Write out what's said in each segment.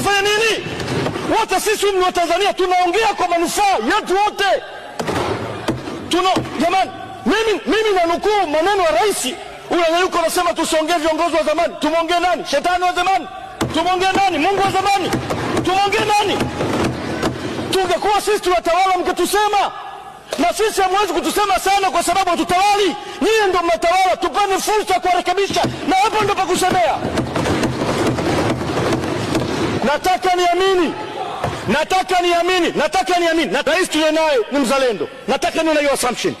Tunafanya nini? Wote sisi ni tanzania tunaongea kwa manufaa yetu wote. Tuna jamani, mimi, mimi nanukuu maneno ya rais yuko unasema tusiongee viongozi wa zamani. Tumwongee nani? Shetani wa zamani? Tumwongee nani? Mungu wa zamani? Tumwongee nani? Tungekuwa sisi tunatawala mkitusema, na sisi hamwezi kutusema sana kwa sababu hatutawali. nyiye ndio mnatawala, tupeni fursa ya kuwarekebisha, na hapo ndio pakusemea. Nataka niamini, nataka niamini, nataka niamini na rais tulio naye ni mzalendo. Nataka niwe na hiyo assumption.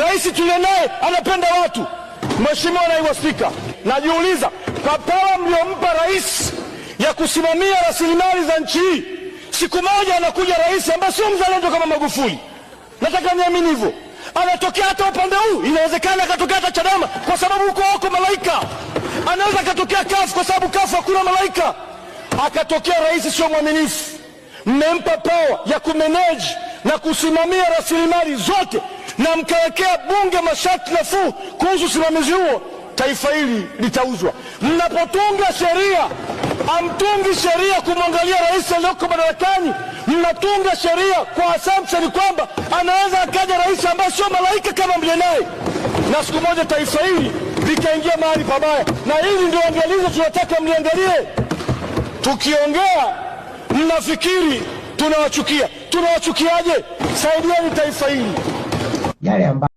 Rais tulio naye anapenda watu. Mheshimiwa Naibu Spika, najiuliza kwa pawa mliompa rais ya kusimamia rasilimali za nchi hii, siku moja anakuja rais ambaye sio mzalendo kama Magufuli. Nataka niamini hivyo anatokea hata upande huu, inawezekana akatokea hata Chadema kwa sababu huko wako malaika. Anaweza akatokea kafu kwa sababu kafu hakuna malaika akatokea rais sio mwaminifu, mmempa pawa ya kumeneji na kusimamia rasilimali zote na mkawekea bunge masharti nafuu kuhusu usimamizi huo, taifa hili litauzwa. Mnapotunga sheria, hamtungi sheria kumwangalia rais aliyoko madarakani, mnatunga sheria kwa assumption kwamba anaweza akaja rais ambaye sio malaika kama mlie naye, na siku moja taifa hili litaingia mahali pabaya, na hili ndio angalizo tunataka mliangalie. Tukiongea mnafikiri tunawachukia. Tunawachukiaje? Saidieni taifa hili yale ambayo